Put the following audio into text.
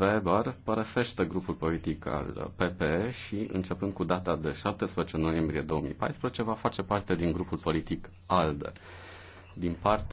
Weber părăsește grupul politic al PPE și, începând cu data de 17 noiembrie 2014, va face parte din grupul politic ALDE. Din partea